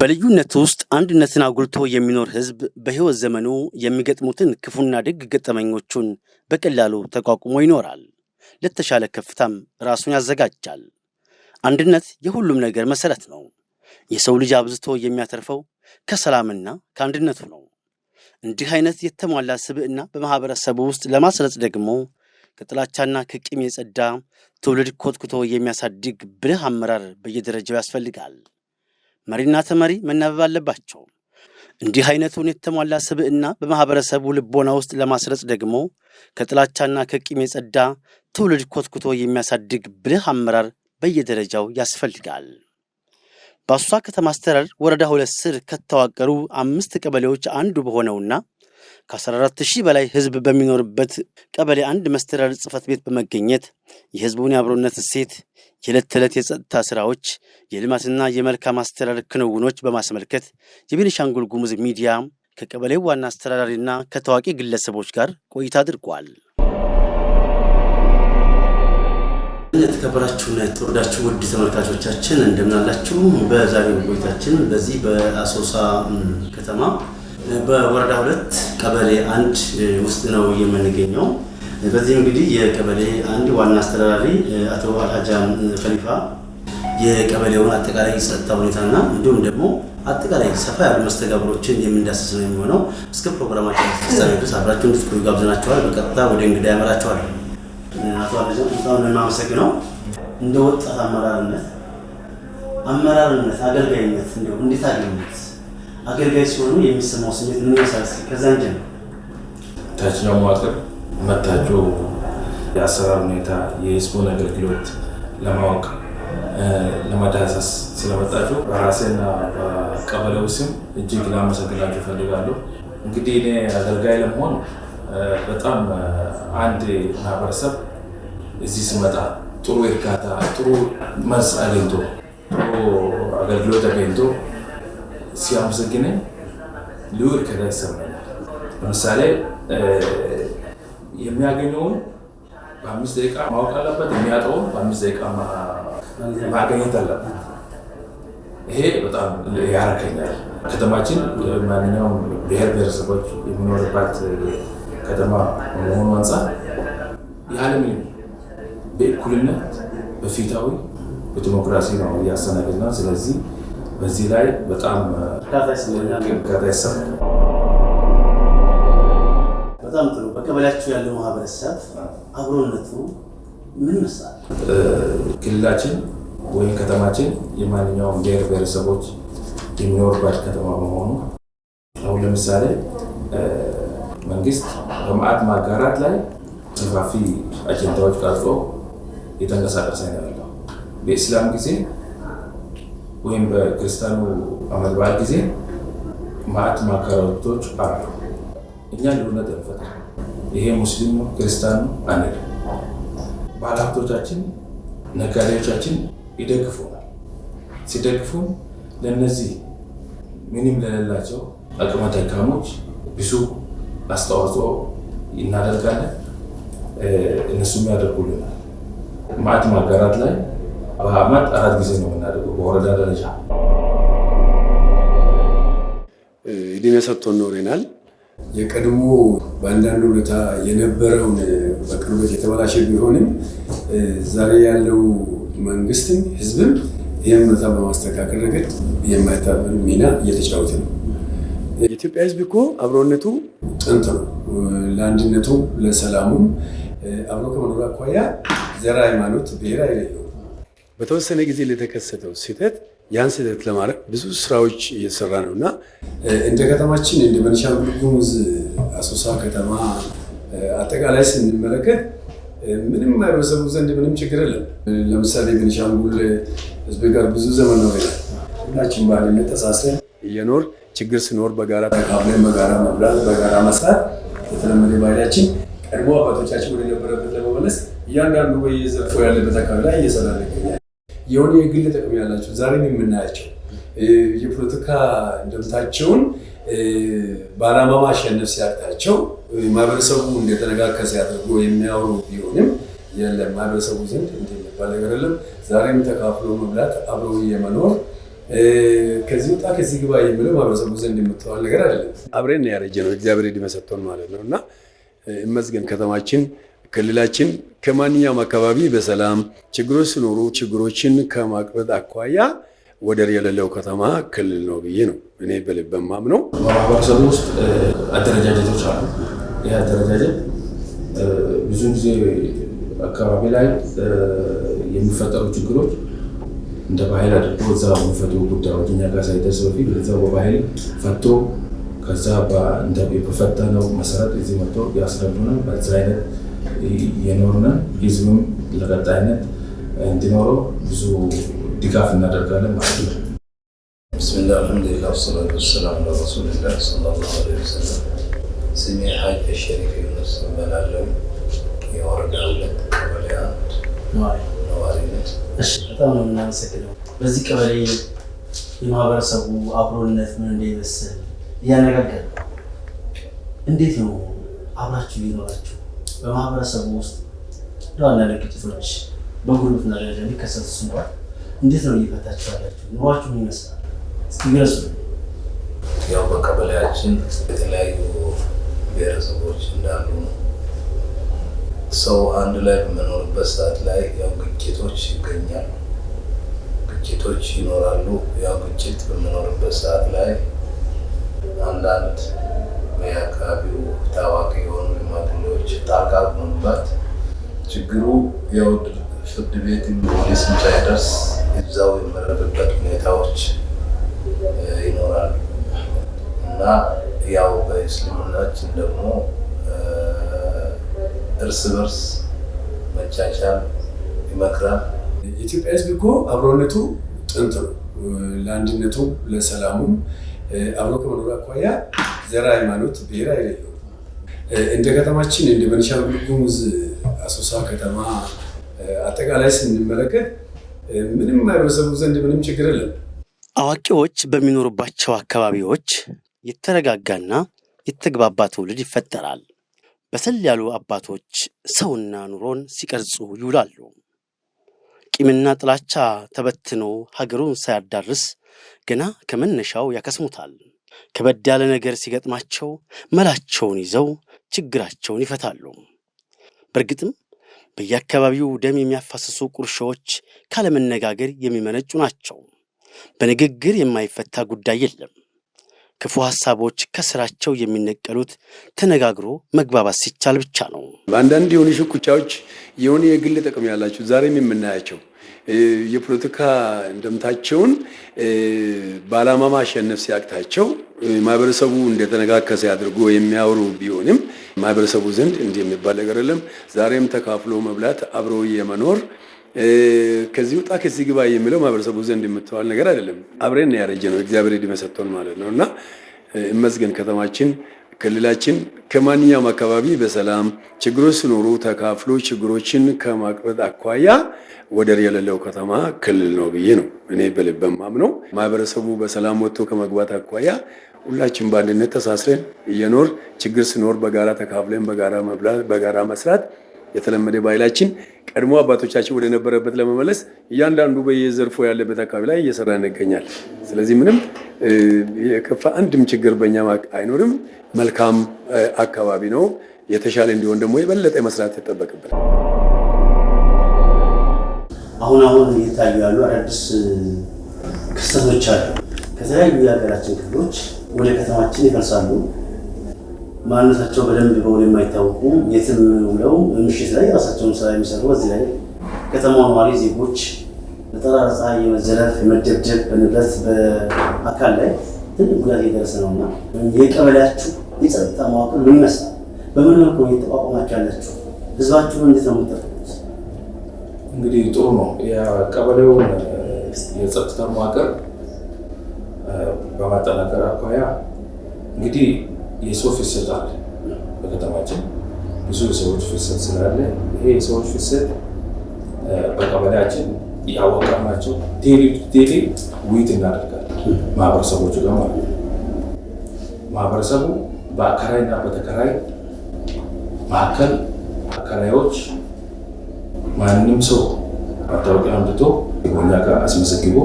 በልዩነት ውስጥ አንድነትን አጉልቶ የሚኖር ህዝብ በህይወት ዘመኑ የሚገጥሙትን ክፉና ደግ ገጠመኞቹን በቀላሉ ተቋቁሞ ይኖራል። ለተሻለ ከፍታም ራሱን ያዘጋጃል። አንድነት የሁሉም ነገር መሰረት ነው። የሰው ልጅ አብዝቶ የሚያተርፈው ከሰላምና ከአንድነቱ ነው። እንዲህ አይነት የተሟላ ስብዕና በማህበረሰቡ ውስጥ ለማስረጽ ደግሞ ከጥላቻና ከቂም የጸዳ ትውልድ ኮትኩቶ የሚያሳድግ ብልህ አመራር በየደረጃው ያስፈልጋል። መሪና ተመሪ መናበብ አለባቸው። እንዲህ አይነቱን የተሟላ ስብዕና በማኅበረሰቡ ልቦና ውስጥ ለማስረጽ ደግሞ ከጥላቻና ከቂም የጸዳ ትውልድ ኮትኩቶ የሚያሳድግ ብልህ አመራር በየደረጃው ያስፈልጋል። በአሶሳ ከተማ አስተዳደር ወረዳ ሁለት ስር ከተዋቀሩ አምስት ቀበሌዎች አንዱ በሆነውና ከ14000 በላይ ህዝብ በሚኖርበት ቀበሌ አንድ መስተዳደር ጽህፈት ቤት በመገኘት የህዝቡን የአብሮነት እሴት፣ የዕለት ተዕለት የጸጥታ ስራዎች፣ የልማትና የመልካም አስተዳደር ክንውኖች በማስመልከት የቤኒሻንጉል ጉሙዝ ሚዲያ ከቀበሌው ዋና አስተዳዳሪና ከታዋቂ ግለሰቦች ጋር ቆይታ አድርጓል። የተከበራችሁና የተወዳችሁ ውድ ተመልካቾቻችን እንደምናላችሁ። በዛሬው ቆይታችን በዚህ በአሶሳ ከተማ በወረዳ ሁለት ቀበሌ አንድ ውስጥ ነው የምንገኘው። በዚህ እንግዲህ የቀበሌ አንድ ዋና አስተዳዳሪ አቶ አጃን ፈሊፋ የቀበሌውን አጠቃላይ ጸጥታ ሁኔታና እንዲሁም ደግሞ አጠቃላይ ሰፋ ያሉ መስተጋብሮችን የምንዳስስ ነው የሚሆነው። እስከ ፕሮግራማችን ፍጻሜ ድረስ አብራችሁ እንድትቆዩ ጋብዘናችኋል። በቀጥታ ወደ እንግዳ ያመራቸዋል። አቶ አጃን በጣም የማመሰግነው እንደ ወጣት አመራርነት አመራርነት አገልጋይነት እንዲሁ እንዴት አገኙት? አገልጋይ ሲሆኑ የሚሰማው ስሜት ምን ይመስላል? ከዛ እንጀምር። ታችኛው መዋቅር መታችሁ የአሰራር ሁኔታ የህዝቡን አገልግሎት ለማወቅ ለመዳሰስ ስለመጣችሁ በራሴና በቀበሌው ስም እጅግ ላመሰግናችሁ እፈልጋለሁ። እንግዲህ እኔ አገልጋይ ለመሆን በጣም አንድ ማህበረሰብ እዚህ ስመጣ ጥሩ እርካታ፣ ጥሩ መልስ አግኝቶ ጥሩ አገልግሎት አግኝቶ ሲያመሰግነኝ ልዑል ከላይ ይሰማኛል። ለምሳሌ የሚያገኘውን በአምስት ደቂቃ ማወቅ አለበት፣ የሚያጠውን በአምስት ደቂቃ ማገኘት አለበት። ይሄ በጣም ያረከኛል። ከተማችን ማንኛውም ብሔር ብሔረሰቦች የሚኖርባት ከተማ መሆኑ አንፃር የዓለም በእኩልነት በፊታዊ በዲሞክራሲ ነው ነው። ስለዚህ በዚህ ላይ በጣም እርካታ ይሰማል። በጣም ጥሩ። በቀበሌያችሁ ያለው ማህበረሰብ አብሮነቱ ምን ይመስላል? ክልላችን ወይም ከተማችን የማንኛውም ብሔር ብሔረሰቦች የሚኖርባት ከተማ በመሆኑ አሁን ለምሳሌ መንግስት በማዕድ ማጋራት ላይ ሰፋፊ አጀንዳዎች ቀርጾ የተንቀሳቀሰ ነው ያለው በኢስላም ጊዜ ወይም በክርስቲያኑ አመት በዓል ጊዜ ማዕት ማካራቶች አሉ። እኛ ልዩነት እንፈታ። ይሄ ሙስሊሙ ክርስቲያኑ አንድ። ባለሀብቶቻችን፣ ነጋዴዎቻችን ይደግፉናል። ሲደግፉ ለእነዚህ ምንም ለሌላቸው አቅመ ደካሞች ብዙ አስተዋጽኦ እናደርጋለን። እነሱም ያደርጉልናል። ማዕት ማጋራት ላይ በአመት አራት ጊዜ ነው የምናደርገው በወረዳ ደረጃ። እድሜ ሰጥቶን ኖረናል። የቀድሞ በአንዳንድ ሁኔታ የነበረውን በቅርበት የተበላሸ ቢሆንም ዛሬ ያለው መንግስትም ህዝብም ይህን ሁኔታ በማስተካከል ረገድ የማይታበል ሚና እየተጫወተ ነው። የኢትዮጵያ ህዝብ እኮ አብሮነቱ ጥንት ነው። ለአንድነቱ፣ ለሰላሙም አብሮ ከመኖር አኳያ ዘር፣ ሃይማኖት፣ ብሔር አይለየው በተወሰነ ጊዜ ለተከሰተው ስህተት ያን ስህተት ለማድረግ ብዙ ስራዎች እየሰራ ነው እና እንደ ከተማችን እንደ ቤኒሻንጉል ጉሙዝ አሶሳ ከተማ አጠቃላይ ስንመለከት ምንም ማህበረሰቡ ዘንድ ምንም ችግር የለም። ለምሳሌ ቤኒሻንጉል ህዝብ ጋር ብዙ ዘመን ነው ይላል። ሁላችን ባህልነት ተሳስረን እየኖር ችግር ሲኖር በጋራ ተካፍለን በጋራ መብላት፣ በጋራ መስራት የተለመደ ባህላችን ቀድሞ አባቶቻችን ወደነበረበት ለመመለስ እያንዳንዱ ዘርፎ ያለበት አካባቢ ላይ እየሰራ ይገኛል። የሆነ የግል ጥቅም ያላቸው ዛሬም የምናያቸው የፖለቲካ እንደምታቸውን በአላማ ማሸነፍ ሲያቅታቸው ማህበረሰቡ እንደተነካከሰ አድርጎ የሚያወሩ ቢሆንም የለም ማህበረሰቡ ዘንድ እንዲህ የሚባል ነገር የለም። ዛሬም ተካፍሎ መብላት አብረው የመኖር ከዚህ ወጣ ከዚህ ግባ የሚለው ማህበረሰቡ ዘንድ የምትዋል ነገር አይደለም። አብሬን ያረጀ ነው እግዚአብሔር ይመስገን ማለት ነው እና እመስገን ከተማችን ክልላችን ከማንኛውም አካባቢ በሰላም ችግሮች ሲኖሩ ችግሮችን ከማቅረጥ አኳያ ወደር የሌለው ከተማ ክልል ነው ብዬ ነው እኔ በልበማም ነው። በማህበረሰቡ ውስጥ አደረጃጀቶች አሉ። ይህ አደረጃጀት ብዙ ጊዜ አካባቢ ላይ የሚፈጠሩ ችግሮች እንደ ባህል አድርጎ እዛ የሚፈቱ ጉዳዮች እኛ ጋር ሳይደርስ በፊት እዛ በባህል ፈቶ ከዛ በፈተነው መሰረት እዚህ መጥቶ ያስረዱናል። በዛ አይነት የኖርነ ህዝብም ለቀጣይነት እንዲኖረው ብዙ ድጋፍ እናደርጋለን ማለት ነው። ብስሚላ አልሐምዱሊላ ሰላት ወሰላም ለረሱልላ ሰለላሁ ለ ወሰለም። ስሜ ሀጅ ሸሪፍ ዩነስ እባላለሁ። የወረዳ ሁለት ቀበሌ አንድ ነዋሪ በጣም የምናመሰግነው። በዚህ ቀበሌ የማህበረሰቡ አብሮነት ምን እንደ ይመስል እያነጋገር እንዴት ነው አብራችሁ ይኖራችሁ በማህበረሰቡ ውስጥ አንዳንድ ግጭቶች በጉርብትና ደረጃ ሊከሰቱ ስንባል እንዴት ነው እየፈታችሁ ያላችሁ? ኑሯችሁ ምን ይመስላል? እስኪ ግለጹ። ያው በቀበሌያችን የተለያዩ ብሔረሰቦች እንዳሉ ነው። ሰው አንድ ላይ በመኖርበት ሰዓት ላይ ያው ግጭቶች ይገኛሉ፣ ግጭቶች ይኖራሉ። ያው ግጭት በመኖርበት ሰዓት ላይ አንዳንድ በየአካባቢው ታዋቂ ጣልቃ በመግባት ችግሩ የውድ ፍርድ ቤትም ፖሊስም ሳይደርስ እዛው የመረበበት ሁኔታዎች ይኖራሉ እና ያው በእስልምናችን ደግሞ እርስ በርስ መቻቻል ይመክራል። የኢትዮጵያ ሕዝብ እኮ አብሮነቱ ጥንት ነው። ለአንድነቱ፣ ለሰላሙም አብሮ ከመኖር አኳያ ዘር፣ ሃይማኖት፣ ብሔር አይደለም። እንደ ከተማችን እንደ ቤኒሻንጉል ጉሙዝ አሶሳ ከተማ አጠቃላይ ስንመለከት ምንም ማህበረሰቡ ዘንድ ምንም ችግር የለም። አዋቂዎች በሚኖሩባቸው አካባቢዎች የተረጋጋና የተግባባ ትውልድ ይፈጠራል። በሰል ያሉ አባቶች ሰውና ኑሮን ሲቀርጹ ይውላሉ። ቂምና ጥላቻ ተበትኖ ሀገሩን ሳያዳርስ ገና ከመነሻው ያከስሙታል። ከበድ ያለ ነገር ሲገጥማቸው መላቸውን ይዘው ችግራቸውን ይፈታሉ። በእርግጥም በየአካባቢው ደም የሚያፋስሱ ቁርሾዎች ካለመነጋገር የሚመነጩ ናቸው። በንግግር የማይፈታ ጉዳይ የለም። ክፉ ሀሳቦች ከስራቸው የሚነቀሉት ተነጋግሮ መግባባት ሲቻል ብቻ ነው። በአንዳንድ የሆኑ ሽኩቻዎች የሆኑ የግል ጥቅም ያላቸው ዛሬም የምናያቸው የፖለቲካ እንደምታቸውን በዓላማ ማሸነፍ ሲያቅታቸው ማህበረሰቡ እንደተነጋከሰ አድርጎ የሚያወሩ ቢሆንም ማህበረሰቡ ዘንድ እንዲህ የሚባል ነገር የለም። ዛሬም ተካፍሎ መብላት፣ አብሮ የመኖር ከዚህ ውጣ ከዚህ ግባ የሚለው ማህበረሰቡ ዘንድ የምትዋል ነገር አይደለም። አብሬን ያረጀ ነው እግዚአብሔር ዕድሜ ሰጥቶን ማለት ነው እና እመስገን ከተማችን ክልላችን ከማንኛውም አካባቢ በሰላም ችግሮች ሲኖሩ ተካፍሎ ችግሮችን ከማቅረጥ አኳያ ወደር የሌለው ከተማ ክልል ነው ብዬ ነው እኔ በልበም ማምነው። ማህበረሰቡ በሰላም ወጥቶ ከመግባት አኳያ ሁላችን በአንድነት ተሳስረን እየኖር ችግር ሲኖር በጋራ ተካፍለን በጋራ መብላት በጋራ መስራት የተለመደ ባህላችን ቀድሞ አባቶቻችን ወደ ነበረበት ለመመለስ እያንዳንዱ በየዘርፎ ያለበት አካባቢ ላይ እየሰራ እንገኛል። ስለዚህ ምንም የከፋ አንድም ችግር በእኛ አይኖርም። መልካም አካባቢ ነው። የተሻለ እንዲሆን ደግሞ የበለጠ መስራት ይጠበቅብናል። አሁን አሁን እየታዩ ያሉ አዳዲስ ክስተቶች አሉ። ከተለያዩ የሀገራችን ክፍሎች ወደ ከተማችን ይፈልሳሉ። ማንነታቸው በደንብ በውል የማይታወቁ የትም ውለው ምሽት ላይ የራሳቸውን ስራ የሚሰሩ በዚህ ላይ ከተማው ነዋሪ ዜጎች በጠራራ ፀሐይ የመዘረፍ የመደብደብ በንብረት በአካል ላይ ትልቅ ጉዳት እየደረሰ ነው እና የቀበሌያችሁ የጸጥታ መዋቅር ምን ይመስላል? በምን መልኩ የተቋቋማችሁ ያላችሁ ህዝባችሁ እንዴት ነው የምትጠብቁት? እንግዲህ ጥሩ ነው። የቀበሌውን የጸጥታ መዋቅር በማጠናከር አኳያ እንግዲህ የሰው ፍሰት አለ። በከተማችን ብዙ የሰዎች ፍሰት ስላለ ይሄ የሰዎች ፍሰት በቀበሌያችን ናቸው ቴሌ ውይይት እናደርጋለን ማህበረሰቦቹ ጋር ማለት ነው። ማህበረሰቡ በአከራይ እና በተከራይ መካከል አከራዮች ማንም ሰው መታወቂያ አምጥቶ ሆኛ ጋር አስመዘግቦ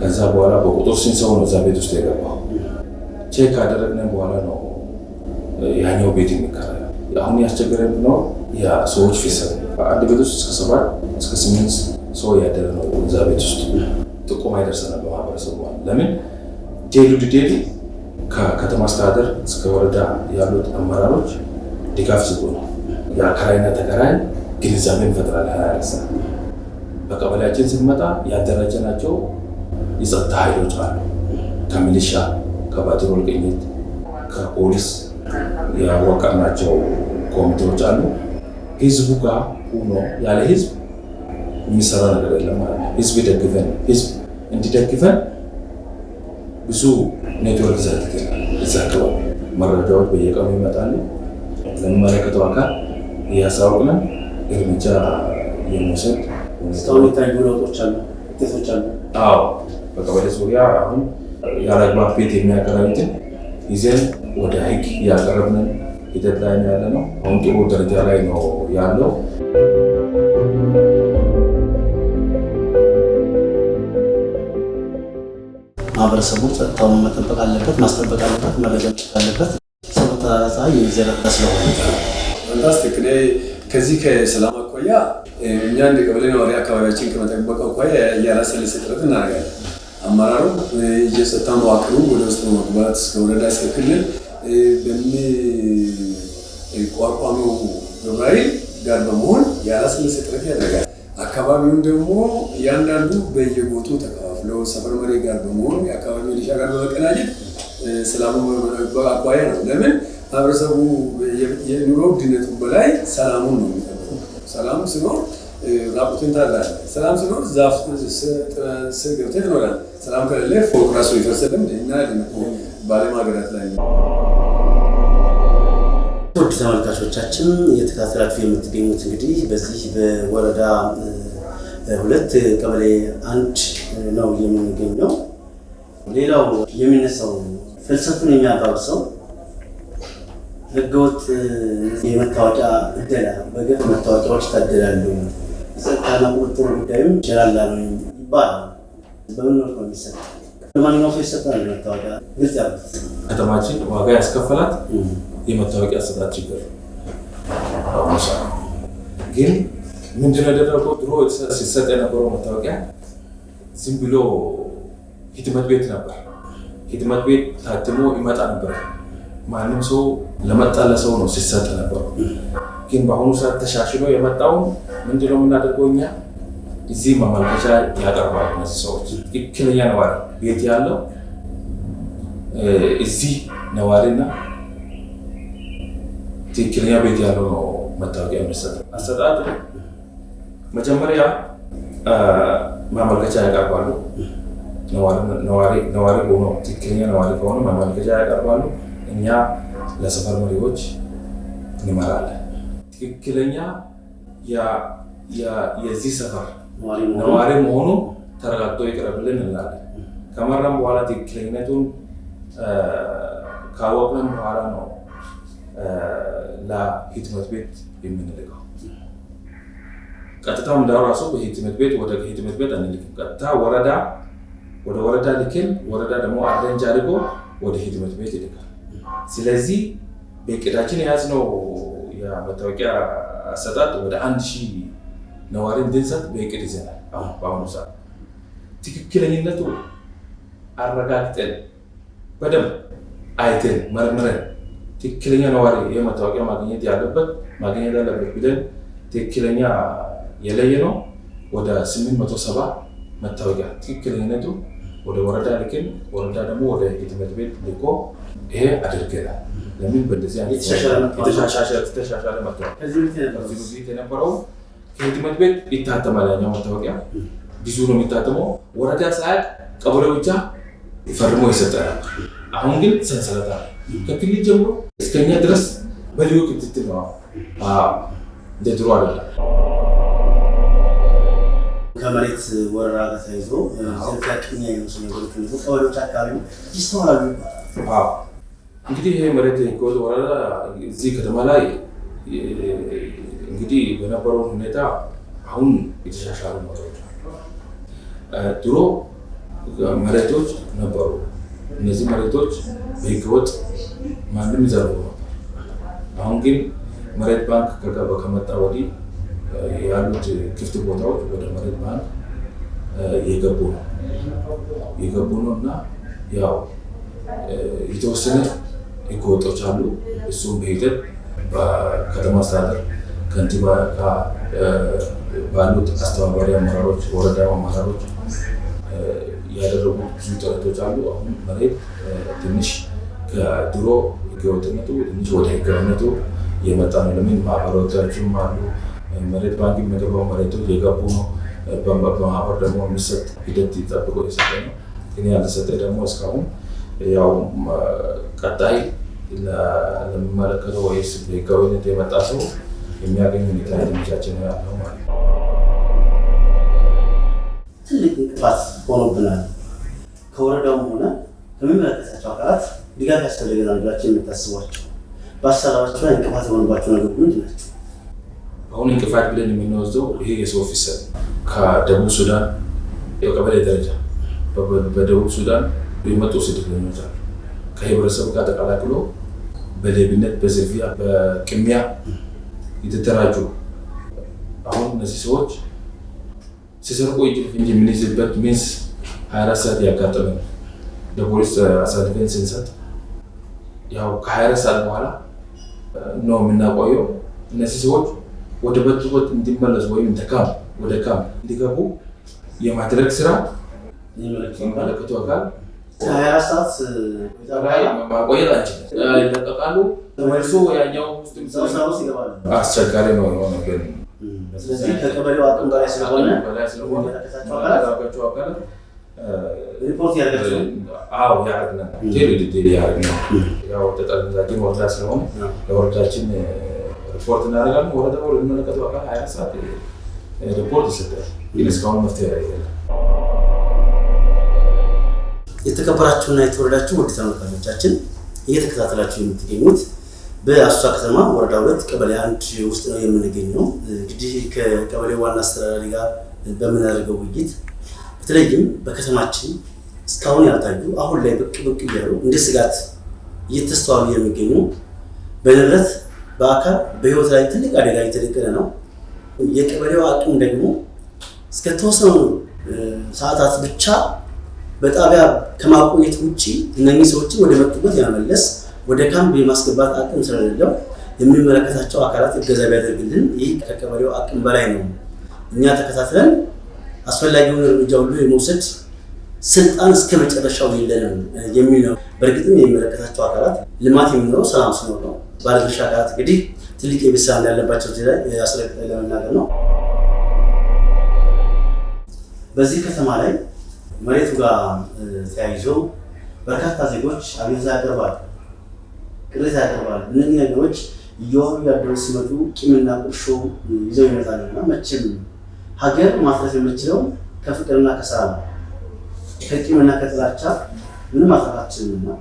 ከዛ በኋላ በቁጥር ስንት ሰው ነው እዛ ቤት ውስጥ የገባው ቼክ ካደረግነን በኋላ ነው ያኛው ቤት የሚከራይ አሁን ያስቸገረን ነው ሰዎች ፊሰብ አንድ ቤት ውስጥ እስከ ሰባት እስከ ስምንት ሰው ያደረ ነው። እዛ ቤት ውስጥ ጥቆማ ይደርሰናል በማህበረሰቡ ማለት ለምን ዴሉ ዲዴሊ ከከተማ አስተዳደር እስከ ወረዳ ያሉት አመራሮች ድጋፍ ስጡ ነው። የአከራይና ተከራይ ግንዛቤ እንፈጥራል። ያሳ በቀበሌያችን ስንመጣ ያደራጀናቸው የጸጥታ ኃይሎች አሉ። ከሚሊሻ ከባትሮል ቅኝት ከፖሊስ ያወቀናቸው ኮሚቴዎች አሉ። ህዝቡ ጋር ሆኖ ያለ ህዝብ የሚሰራ ነገር የለም ማለት ነው። ህዝብ ይደግፈን፣ ህዝብ እንዲደግፈን ብዙ ኔትወርክ ዘርግተናል። እዛ አካባቢ መረጃዎች በየቀኑ ይመጣሉ። ለሚመለከተው አካል እያሳወቅነን እርምጃ የመውሰድ እስካሁን የታዩ ለውጦች አሉ፣ ውጤቶች አሉ። አዎ በቀበሌ ዙሪያ አሁን ያለ አግባብ ቤት የሚያከራዩትን ይዘን ወደ ህግ ያቀረብን ሂደት ላይ ነው ያለ ነው። አሁን ጥሩ ደረጃ ላይ ነው ያለው። ማህበረሰቡ ጸጥታውን መጠበቅ አለበት፣ ማስጠበቅ አለበት፣ መረጃ አለበት። ሰቦታ ፀሐይ የሚዘረጋ ስለሆነ ፋንታስቲክ እኔ ከዚህ ከሰላም አኳያ እኛ እንደ ቀበሌ ነዋሪ አካባቢያችን ከመጠበቅ አኳያ ያላሰለሰ ጥረት እናደርጋለን። አመራሩ የጸጥታ መዋቅሩ ወደ ውስጥ በመግባት እስከ ወረዳ እስከ ክልል በሚቋቋመው በባሪ ጋር በመሆን የአራስነት ጥረት ያደርጋል። አካባቢውን ደግሞ እያንዳንዱ በየቦቱ ተከፋፍለው ሰፈር መሪ ጋር በመሆን የአካባቢ ሚሊሻ ጋር በመቀናጀት ሰላሙን አኳያ ነው። ለምን ማህበረሰቡ የኑሮ ውድነቱ በላይ ሰላሙን ነው የሚጠብቀው። ሰላም ሲኖር ራቁትን ትላላለህ። ሰላም ስኖር ዛፍ ስር ገብተህ ትኖራለህ። ሰላም ከሌለ ፎቅ ራሱ ይፈርሳል። እና በዓለም ሀገራት ላይ ውድ ተመልካቾቻችን የምትገኙት እንግዲህ በዚህ በወረዳ ሁለት ቀበሌ አንድ ነው የምንገኘው። ሌላው የሚነሳው ፍልሰቱን የሚያባብሰው ህገወጥ የመታወቂያ እደላ በገፍ መታወቂያዎች ታደላሉ። ስልጣና ቁጥጥር ጉዳዩ ይችላል ይባላል። በምን መልኩ የሚሰጥ ለማንኛው ሰው ይሰጣል? መታወቂያ ግልጽ ያለ ከተማችን ዋጋ ያስከፈላት የመታወቂያ አሰጣጥ ችግር ግን ምንድን ነው ያደረገው? ድሮ ሲሰጥ የነበረው መታወቂያ ዝም ብሎ ህትመት ቤት ነበር። ህትመት ቤት ታትሞ ይመጣ ነበር። ማንም ሰው ለመጣለ ሰው ነው ሲሰጥ ነበረው። ግን በአሁኑ ሰዓት ተሻሽሎ የመጣው ምንድነው የምናደርገው እኛ እዚህ ማመልከቻ ያቀርባሉ። እነዚህ ሰዎች ትክክለኛ ነዋሪ ቤት ያለው እዚህ ነዋሪና ትክክለኛ ቤት ያለው ነው መታወቂያ የሚሰጠው። አሰጣጥ መጀመሪያ ማመልከቻ ያቀርባሉ። ነዋሪ ሆኖ ትክክለኛ ነዋሪ ከሆነ ማመልከቻ ያቀርባሉ። እኛ ለሰፈር መሪዎች እንመራለን። ትክክለኛ የዚህ ሰፈር ነዋሪ መሆኑ ተረጋግጦ ይቅረብልን እንላለን። ከመራም በኋላ ትክክለኝነቱን ካወቅንም በኋላ ነው ለህትመት ቤት የምንልቀው። ቀጥታ ምዳው ራሱ ህትመት ቤት ወደ ህትመት ቤት አንልክም። ቀጥታ ወረዳ ወደ ወረዳ ልክል ወረዳ ደግሞ አደንጃ አድርጎ ወደ ህትመት ቤት ይልካል። ስለዚህ በቅዳችን የያዝነው መታወቂያ አሰጣጥ ወደ አንድ ሺህ ነዋሪ እንድንሰጥ በእቅድ ይዘናል። በአሁኑ ሰዓት ትክክለኝነቱ አረጋግጠን በደንብ አይተን መርምረን ትክክለኛ ነዋሪ መታወቂያ ማግኘት ያለበት ማግኘት ያለበት ብለን ትክክለኛ የለየ ነው ወደ ስምንት መቶ ሰባ መታወቂያ ትክክለኝነቱ ወደ ወረዳ ልክን ወረዳ ደግሞ ወደ የትምህርት ቤት ልኮ ይሄ አድርገናል። ለምን በእንደዚህ የነበረው ከህትመት ቤት ይታተማል። ያኛው መታወቂያ ብዙ ነው የሚታተመው። ወረዳ ሰዓት ቀበሌ ብቻ ፈርሞ ይሰጠናል። አሁን ግን ሰንሰለታ ከክልል ጀምሮ እስከኛ ድረስ በልዩ ክትትል ነው። እንደ ድሮ አይደለም። ከመሬት ወረራ ጋር ተያይዞ ነገሮች ቀበሌዎች አካባቢ ይስተዋላሉ ይባላል እንግዲህ ይሄ መሬት ከወጡ በኋላ እዚህ ከተማ ላይ እንግዲህ በነበረው ሁኔታ አሁን የተሻሻሉ መሬቶች ድሮ መሬቶች ነበሩ። እነዚህ መሬቶች በህገወጥ ማንም ይዘርፉ ነበር። አሁን ግን መሬት ባንክ ከመጣ ወዲህ ያሉት ክፍት ቦታዎች ወደ መሬት ባንክ የገቡ ነው የገቡ ነው እና ያው የተወሰነ ህግ ወጦች አሉ። እሱም በሂደት በከተማ አስተዳደር ከንቲባ ባሉት አስተባባሪ አመራሮች፣ ወረዳ አመራሮች ያደረጉ ብዙ ጥረቶች አሉ። አሁን መሬት ትንሽ ከድሮ ህገወጥነቱ ትንሽ ወደ ህጋዊነቱ የመጣ ነው። ለምን ማህበሮቻችሁም አሉ መሬት ባንክ የሚገባው መሬቶች የገቡ ነው። በማህበር ደግሞ የሚሰጥ ሂደት ይጠብቆ የሰጠ ነው። ግን ያልተሰጠ ደግሞ እስካሁን ያው ቀጣይ ለሚመለከተው ወይስ ህጋዊነት የመጣ ሰው የሚያገኝ ሁኔታ ድምቻችን ነው ያለው ማለት ነው። ትልቅ እንቅፋት ሆኖብናል። ከወረዳውም ሆነ ከሚመለከታቸው አካላት ድጋፍ ያስፈልገናል ብላቸው የምታስቧቸው በአሰራራቸው ላይ እንቅፋት የሆኑባቸው ነገሮች ምንድን ናቸው? አሁን እንቅፋት ብለን የምንወስደው ይሄ የሰው ኦፊሰር ከደቡብ ሱዳን የቀበሌ ደረጃ በደቡብ ሱዳን የመጡ ስደተኞች አሉ። ከህብረተሰቡ ጋር ተቀላቅሎ በሌብነት፣ በዝርፊያ፣ በቅሚያ የተደራጁ አሁን እነዚህ ሰዎች ሲሰርቁ እጅ ፍንጅ የምንይዝበት ሚንስ ሀያ ሰዓት ያጋጠመ ለፖሊስ አሳልፈን ስንሰጥ ያው ከሀያ ሰዓት በኋላ ነው የምናቆየው። እነዚህ ሰዎች ወደ በጡበት እንዲመለሱ ወይም ተካም ወደ ካም እንዲገቡ የማድረግ ስራ የሚመለከቱ አካል ሀያ አራት ሰዓት አስቸጋሪ ነው ነው ነገር ስለዚህ ከቀበሌው አቅም በላይ ስለሆነ ሪፖርት ያደርጋቸው ያደርግናል። ወረዳ ስለሆነ ለወረዳችን ሪፖርት እናደርጋለን። ወረዳው ለሚመለከተው አካል ሀያ ሰዓት ሪፖርት ይሰጣል። ግን እስካሁን መፍትሄ አይደለም። የተከበራችሁና የተወረዳችሁ ወደ ተመልካቾቻችን እየተከታተላችሁ የምትገኙት በአሶሳ ከተማ ወረዳ ሁለት ቀበሌ አንድ ውስጥ ነው የምንገኘው። እንግዲህ ከቀበሌ ዋና አስተዳዳሪ ጋር በምናደርገው ውይይት በተለይም በከተማችን እስካሁን ያልታዩ አሁን ላይ ብቅ ብቅ እያሉ እንደ ስጋት እየተስተዋሉ የሚገኙ በንብረት በአካል በህይወት ላይ ትልቅ አደጋ እየተደቀነ ነው። የቀበሌው አቅም ደግሞ እስከተወሰኑ ሰዓታት ብቻ በጣቢያ ከማቆየት ውጭ እነኚህ ሰዎችን ወደ መጡበት የመመለስ ወደ ካምፕ የማስገባት አቅም ስለሌለው የሚመለከታቸው አካላት እገዛ ቢያደርግልን ይህ ከቀበሌው አቅም በላይ ነው። እኛ ተከታትለን አስፈላጊውን እርምጃ ሁሉ የመውሰድ ስልጣን እስከ መጨረሻው የለንም የሚል ነው። በእርግጥም የሚመለከታቸው አካላት ልማት የሚኖረው ሰላም ሲኖር ነው። ባለድርሻ አካላት እንግዲህ ትልቅ የቤት ሰላም ያለባቸው አስረግጠን ለመናገር ነው። በዚህ ከተማ ላይ መሬቱ ጋር ተያይዞ በርካታ ዜጎች አቤቱታ ያቀርባል ቅሬታ ያቀርባል። እነዚህ ነገሮች እየዋሉ ያደሩ ሲመጡ ቂምና ቁርሾ ይዘው ይመጣሉ እና መቼም ሀገር ማፍረት የምችለው ከፍቅርና ከሰላም ነው። ከቂምና ከጥላቻ ምንም ና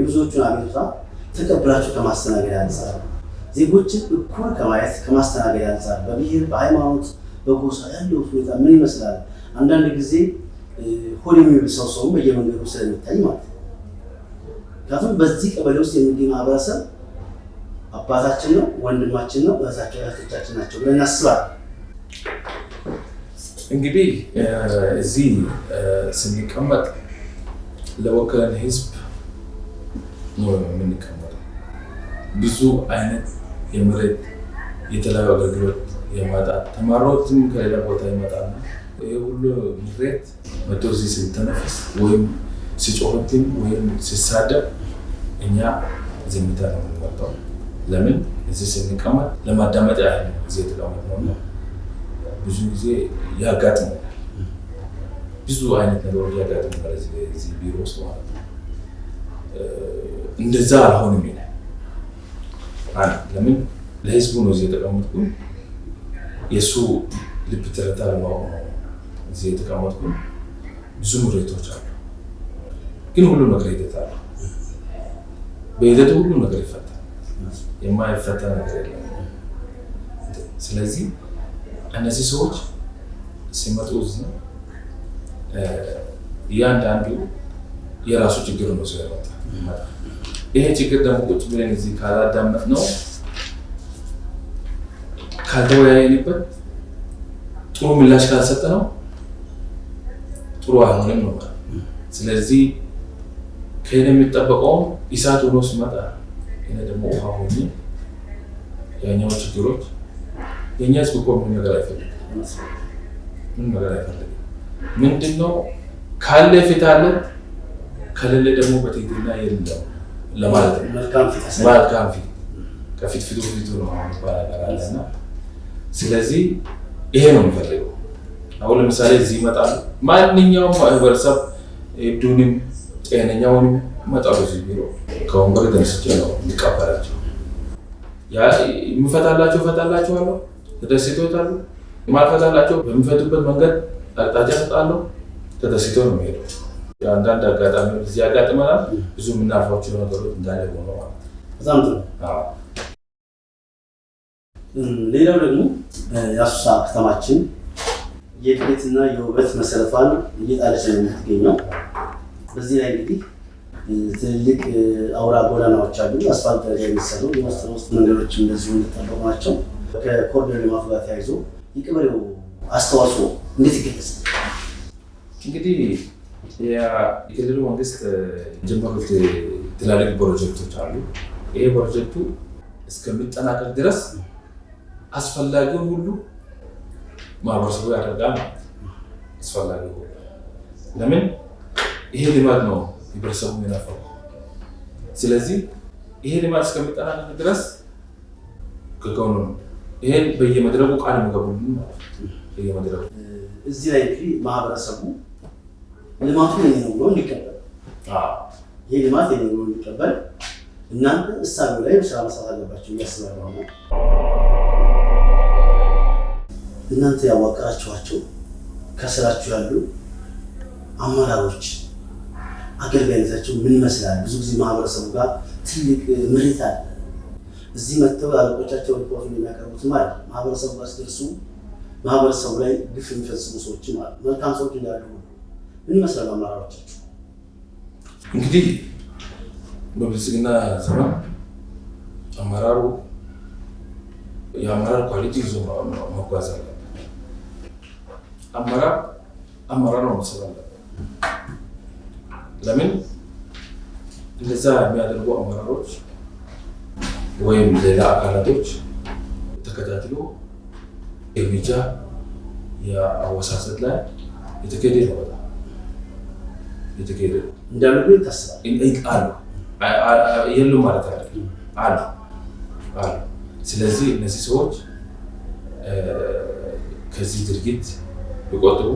የብዙዎቹን አቤቱታ ተቀብላቸው ከማስተናገድ አንጻር ዜጎችን እኩል ከማየት ከማስተናገድ አንጻር በብሔር፣ በሃይማኖት፣ በጎሳ ያለው ሁኔታ ምን ይመስላል አንዳንድ ጊዜ ሆድ የሚብሰው ሰውም በየመንገዱ ስለሚታይ ማለት ነው። ምክንያቱም በዚህ ቀበሌ ውስጥ የሚገኝ ማህበረሰብ አባታችን ነው፣ ወንድማችን ነው፣ እህታቸው እህቶቻችን ናቸው ብለን እናስባለን። እንግዲህ እዚህ ስንቀመጥ ለወከለን ህዝብ ነው የምንቀመጠው። ብዙ አይነት የመሬት የተለያዩ አገልግሎት የማጣት ተማሪዎችም ከሌላ ቦታ ይመጣሉ። ይህ ሁሉ ምሬት መቶ እዚህ ሲተነፍስ ወይም ሲጮህብኝ ወይም ሲሳደብ እኛ ዝምታ ነው የምንመርጠው። ለምን እዚህ ስንቀመጥ ለማዳመጥ ያህል ጊዜ የተቀመጥ ነው። ብዙ ጊዜ ያጋጥመናል፣ ብዙ አይነት ነገሮች ያጋጥመናል እዚህ ቢሮ ውስጥ ማለት ነው። እንደዛ አልሆንም ይላል። ለምን ለህዝቡ ነው እዚህ የተቀመጥኩ፣ የእሱ ልብ ትርታ ለማወቅ ነው እዚህ የተቀመጥኩ ብዙ ምሬቶች አሉ። ግን ሁሉም ነገር ሂደት አለ። በሂደቱ ሁሉም ነገር ይፈታል። የማይፈታ ነገር የለም። ስለዚህ እነዚህ ሰዎች ሲመጡ እያንዳንዱ የራሱ ችግር ነው ሰው ያመጣ። ይሄ ችግር ደግሞ ቁጭ ብለን እዚህ ካላዳመጥ ነው ካልተወያየንበት ጥሩ ምላሽ ካልሰጠ ነው ጥሩ አይሆንም ነበር። ስለዚህ ከእኔ የሚጠበቀውም እሳት ሆኖ ሲመጣ እኔ ደግሞ ውሃ ሆኜ ያኛው ችግሮች የእኛ ህዝብ እኮ ምን ነገር አይፈልግም፣ ምን ነገር አይፈልግም። ምንድነው ካለ ፊት አለ፣ ከሌለ ደግሞ በትህትና የለም ለማለት ነው። መልካም ፊት ከፊት ፊቱ ፊቱ ነው ይባላል። ስለዚህ ይሄ ነው የሚፈልገው። አሁን ለምሳሌ እዚህ ይመጣሉ ማንኛውም ማህበረሰብ ዱንም ጤነኛውንም መጣሉ ቢሮ ከወንበር ተነስቼ ነው የሚቀበላቸው። የምፈታላቸው እፈታላቸው አለሁ ተደስቶት አሉ የማልፈታላቸው በሚፈቱበት መንገድ አቅጣጫ ሰጣለሁ። ተደስቶ ነው የሚሄደው። አንዳንድ አጋጣሚ እዚህ ያጋጥመናል። ብዙ የምናልፏቸው ነገሮች እንዳለ ሆነ ማለት በጣም ጥሩ። ሌላው ደግሞ የአሶሳ ከተማችን የእድገትና የውበት መሰረቷን እየጣለች ነው የምትገኘው። በዚህ ላይ እንግዲህ ትልልቅ አውራ ጎዳናዎች አሉ፣ አስፋልት ላይ የሚሰሩ የውስጥ ለውስጥ መንገዶች እንደዚሁ እንደጠበቁ ናቸው። ከኮሪደር ልማት ጋር ተያይዞ የቀበሌው አስተዋጽኦ እንዴት ይገለጽ? እንግዲህ የክልሉ መንግስት ጀመሩት ትላልቅ ፕሮጀክቶች አሉ። ይሄ ፕሮጀክቱ እስከሚጠናቀቅ ድረስ አስፈላጊውን ሁሉ ማህበረሰቡ ያደርጋል አስፈላጊ ለምን ይሄ ልማት ነው ህብረተሰቡ የናፈቀው። ስለዚህ ይሄ ልማት እስከሚጠናቀቅ ድረስ ከጎኑ ነው። ይሄን በየመድረኩ ቃል የሚገቡ በየመድረኩ እዚህ ላይ እንግዲህ ማህበረሰቡ ልማቱ የኔ ነው ብሎ እንዲቀበል ይሄ ልማት የኔ ነው ብሎ እንዲቀበል እናንተ እሳቤው ላይ ስራ መስራት አለባቸው ነው። እናንተ ያዋቀራችኋቸው ከስራችሁ ያሉ አመራሮች አገልጋይነታቸው ምን ይመስላል? ብዙ ጊዜ ማህበረሰቡ ጋር ትልቅ ምሬት አለ። እዚህ መጥተው አለቆቻቸው ሪፖርት የሚያቀርቡት ማለት ማህበረሰቡ ጋር ሲደርሱ ማህበረሰቡ ላይ ግፍ የሚፈጽሙ ሰዎች ማለት መልካም ሰዎች እንዳሉ ምን ይመስላል አመራሮቻቸው? እንግዲህ በብልጽግና ዘመን አመራሩ የአመራር ኳሊቲ ይዞ መጓዝ አለ አመራር አመራር ነው መሰብ ለምን እንደዛ የሚያደርጉ አመራሮች ወይም ሌላ አካላቶች ተከታትሎ እርምጃ የአወሳሰድ ላይ የተገደ ነው። በጣም የተካሄደ እንዳሉ ይታስባል የሉ ማለት አለ አሉ አሉ። ስለዚህ እነዚህ ሰዎች ከዚህ ድርጊት ቢቆጥቡ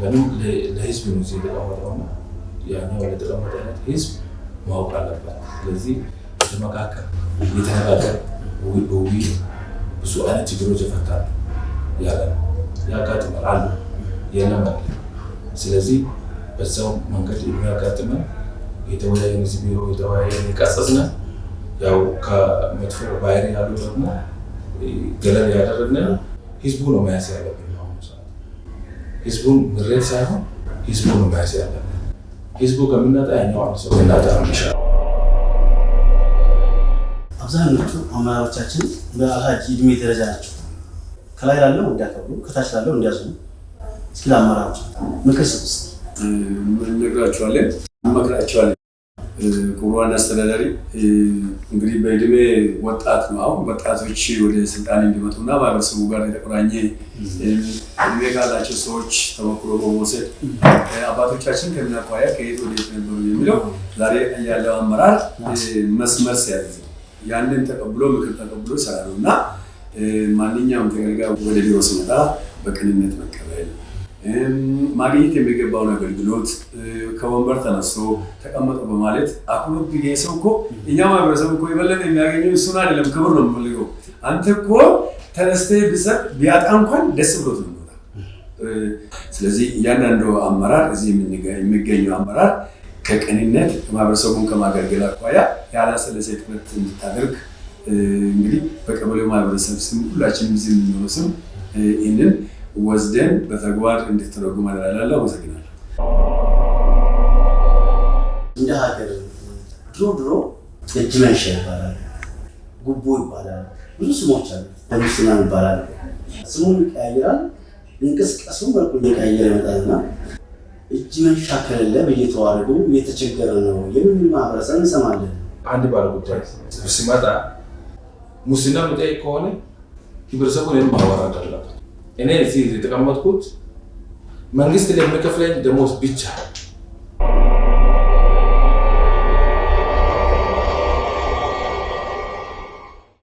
ለምን ለህዝብ ነው የተቀመጠውና ያኛው ለተቀመጠነት ህዝብ ማወቅ አለበት። ስለዚህ ለመካከል የተነጋገር ውይ ብዙ አይነት ችግሮች ይፈታሉ ያለ ያጋጥማል አሉ የለም ስለዚህ በዛው መንገድ የሚያጋጥመን የተወያየን እዚህ ቢሮ የተወያየን የቀሰስነ ያው ከመጥፎ ባህሪ ያሉ ደግሞ ገለል ያደረግነ ህዝቡ ነው መያዝ ያለብን። ህዝቡን ምሬት ሳይሆን ህዝቡ ነው መያዝ ያለብን። ህዝቡ ከምናጣ ያኛው አዲስ ሰው እናጣ ነው የሚሻለው። አብዛኞቹ አመራሮቻችን በአልሃጅ እድሜ ደረጃ ናቸው። ከላይ ላለው እንዲያከብሩ፣ ከታች ላለው እንዲያዝኑ። እስኪ ለአመራሮች ምክር ስጥ፣ እንነግራቸዋለን፣ እንመክራቸዋለን ክቡራን አስተዳዳሪ እንግዲህ በእድሜ ወጣት ነው። አሁን ወጣቶች ወደ ስልጣን እንዲመጡና ማህበረሰቡ ጋር የተቆራኘ እድሜ ካላቸው ሰዎች ተሞክሮ በመውሰድ አባቶቻችን ከምን አኳያ ከየት ወደ የት ነበሩ የሚለው ዛሬ ያለው አመራር መስመር ሲያዝ ያንን ተቀብሎ ምክር ተቀብሎ ይሰራ ነው እና ማንኛውም ተገልጋይ ወደ ቢሮ ሲመጣ በቅንነት መቀበል ማግኘት የሚገባውን አገልግሎት ከወንበር ተነስቶ ተቀመጠ በማለት አሁኑ ጊዜ ሰው እኮ እኛ ማህበረሰብ እኮ የበለጠ የሚያገኘው እሱን አይደለም፣ ክብር ነው የምፈልገው። አንተ እኮ ተነስተህ ብሰጥ ቢያጣ እንኳን ደስ ብሎት ነው። ስለዚህ እያንዳንዱ አመራር እዚህ የሚገኘው አመራር ከቅንነት ማህበረሰቡን ከማገልገል አኳያ ያላሰለሰ ጥረት እንድታደርግ እንግዲህ በቀበሌው ማህበረሰብ ስም ሁላችንም እዚህ የምንኖረው ስም ይህንን ወስደን በተግባር እንድትረጉ አደላላለ። አመሰግናለሁ። እንደ ሀገር ድሮ ድሮ እጅ መንሻ ይባላል፣ ጉቦ ይባላል፣ ብዙ ስሞች አሉ። በሙስና ይባላል። ስሙን ይቀያየራል፣ እንቅስቀሱ መልኩ እየቀያየረ ይመጣልና እጅ መንሻ ከሌለ በየተዋረዱ እየተቸገረ ነው የምን ማህበረሰብ እንሰማለን። አንድ ባለጉዳይ ሲመጣ ሙስና ሚጠይቅ ከሆነ ህብረተሰቡን ማዋራት አለበት። እኔ እዚህ የተቀመጥኩት መንግስት ለሚከፍለኝ ደሞዝ ብቻ